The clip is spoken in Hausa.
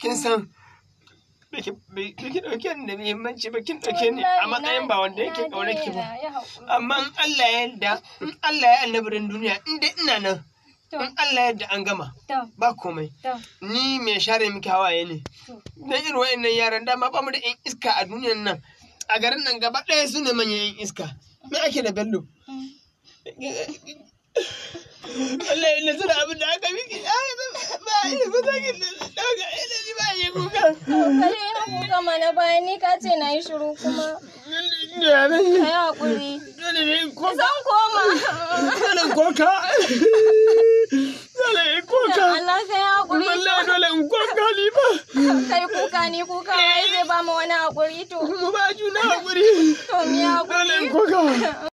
kin san bikin ɗauke ni da muhimmanci ba kin ɗauke ni a matsayin ba wanda yake ƙaure ki ba amma in Allah ya yarda in Allah ya annabarin duniya in dai ina nan in Allah ya yarda an gama ba komai ni mai share miki hawaye ne dan irin wayannan yaran dama ba mu da yan iska a duniyan nan a garin nan gaba ɗaya su ne manyan yan iska me ake da bello Allah ya nasara abin da aka miki ba ilimin sakin kare haku kama na bayan ni ka ce na yi shiru kuma. Ka yi haƙuri. ne Zan koma. Dole koka. Dole koka. Allah ka yi haƙuri. Wallahi dole in koka ni ba. Kai kuka ni kuka wai zai ba mu wani haƙuri to. Ku ba juna haƙuri. To mi haƙuri. Dole in koka.